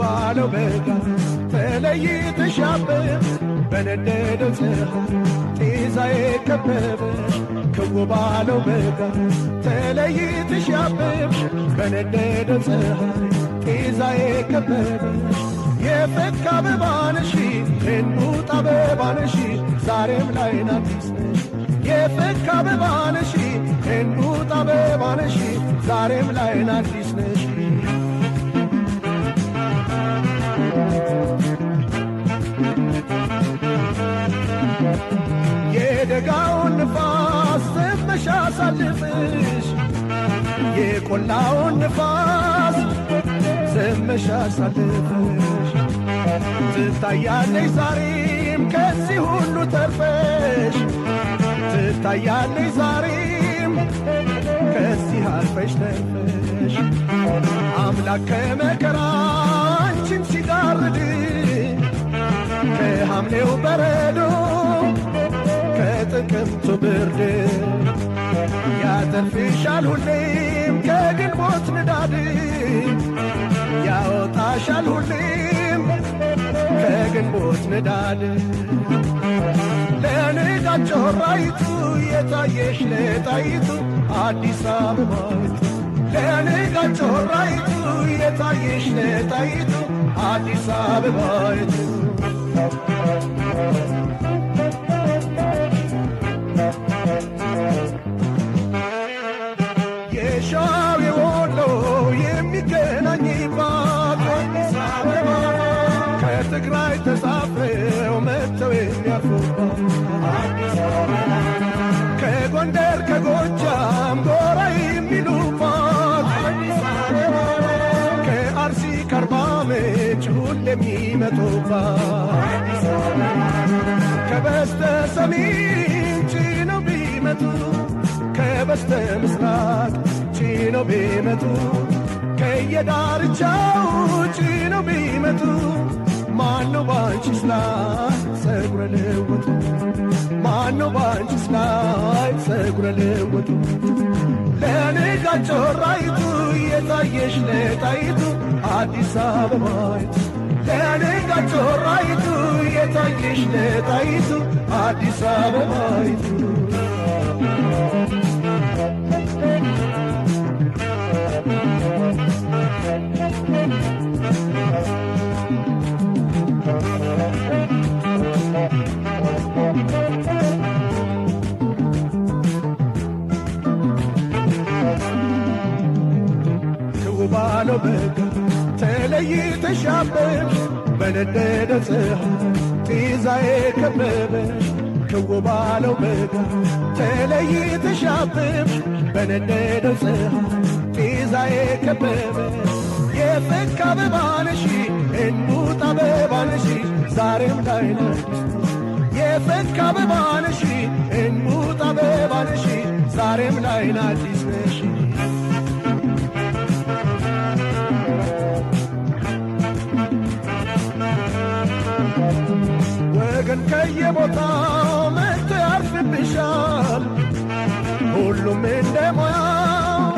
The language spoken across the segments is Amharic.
ባለው በጋ ተለይተሻበሽ በነደደው ፀሐይ ጤዛ የከበበሽ ክው ባለው በጋ ተለይተሻበሽ በነደደው አበባ ነሽ የንቡጥ አበባ ነሽ ዛሬም ላይ ናት የፍካ አበባ ነሽ የንቡጥ አበባ ነሽ ዛሬም ላይ ናት ነሽ የደጋውን ንፋስ ስመሻ ሳልፍሽ የቆላውን ንፋስ ስመሻ ሳልፍሽ ትታያለሽ ዛሬም ከዚህ ሁሉ ተርፈሽ ትታያለሽ ዛሬም ከዚህ አልፈሽ ተርፈሽ አምላክ ከመከራ አንቺን ሲጋርድ ከሐምሌው በረዶ ከጥቅምቱ ብርድ ያተርፍሻል ሁሌም ከግንቦት ንዳድ ያወጣሻል ሁሌም ከግንቦት ንዳድ ለንጋቸው የታየሽ ለጣይቱ አዲስ አበባይቱ የታየሽ ለጣይቱ አዲስ አበባይቱ ተሳፍረው መጥተው የሚያርፉባት ከጎንደር ከጎጃም ጎራ የሚሉባት ከአርሲ ከአርባ ምንጭ ሁሌ የሚመጡባት ከበስተ ሰሜን ጭኖ ቢመጡ ከበስተ ምስራቅ ጭነው ቢመጡ ከየዳርቻው ጭነው ቢመጡ ማኖ ባንቺስ ላይ ጸጉረ ልውጡ ማኖ ባንቺስ ላይ ጸጉረ ልውጡ ለእኔ ቃጮራይቱ የታየሽ ለጣይቱ አዲስ አበባይቱ ለእኔ ቃጮራይቱ የታየሽ ለጣይቱ አዲስ አበባይቱ ተለይተሻበሽ በነደደ ፀሐይ ጤዛዬ ከበበሽ ክው ባለው በጋ ተለይተሻበሽ በነደደ ፀሐይ ጤዛዬ ከበበሽ የፈካ አበባ ነሽ እንቡጥ አበባ ነሽ ዛሬም ላይነሽ የፈካ አበባ ነሽ እንቡጥ አበባ ነሽ ዛሬም ላይን አዲስ ነሽ ከየቦታው መጥቶ ያርፍብሻል። ሁሉም እንደ ሙያው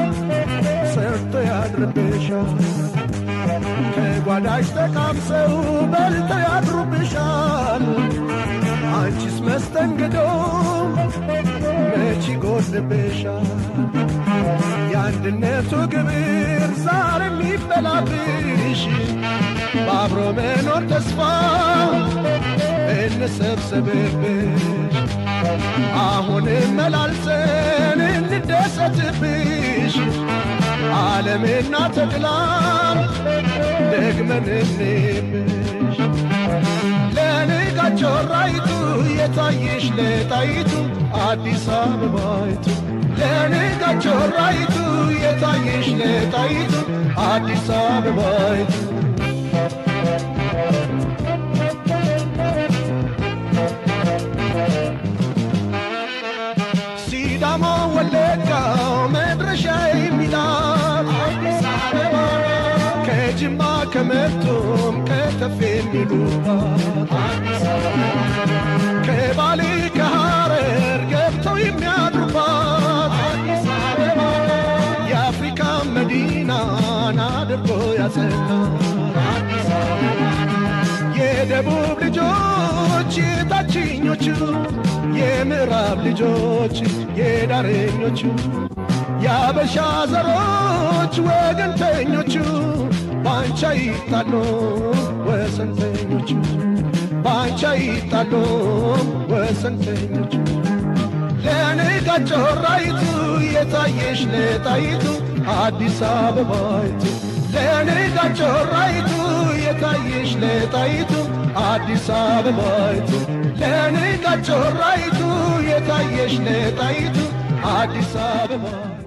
ሰርቶ ያድርብሻል። ከጓዳሽ ተቃምሰው በልቶ ያድሩብሻል። አንቺስ መስተንግዶ መች ይጎድልብሻል? የአንድነቱ ግብር ዛሬም ይበላብሽ በአብሮ መኖር ተስፋ ልሰብሰብብሽ አሁን መላልሰን እንደሰትብሽ ዓለምና ተድላም ደግመን እንብሽ ለንጋቸው ራይቱ ለጣይቱ አዲስ አበባይቱ ለንጋቸው ራይቱ ለጣይቱ አዲስ አበባይቱ ከተማ ከመቶም ከተፍ የሚሉባት ከባሌ ከሐረር ገብተው የሚያድሩባት የአፍሪካ መዲናን አድርጎ ያጸናት የደቡብ ልጆች የታችኞቹ፣ የምዕራብ ልጆች የዳረኞቹ፣ የአበሻ ዘሮች ወገንተኞቹ ባንቻይጣሎ ወሰንተኞች ባንቻይጣሎ ወሰንተኞች ለንጋት ጮራይቱ የታየሽ ለጣይቱ አዲስ አበባይቱ ለንጋት ጮራይቱ የታየሽ ለጣይቱ አዲስ አበባይቱ ለንጋት ጮራይቱ የታየሽ ለጣይቱ አዲስ አበባ